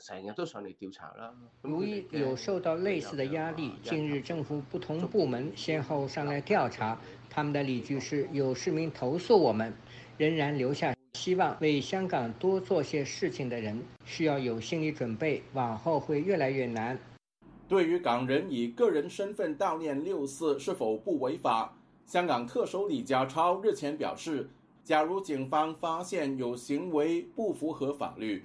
成日都上嚟調查啦、嗯。如意有受到類似的壓力，近、嗯、日政府不同部門先後上嚟調查。他們的理據是：有市民投訴，我們仍然留下希望，為香港多做些事情的人需要有心理準備，往後會越來越難。對於港人以個人身份悼念六四是否不違法，香港特首李家超日前表示，假如警方發現有行為不符合法律。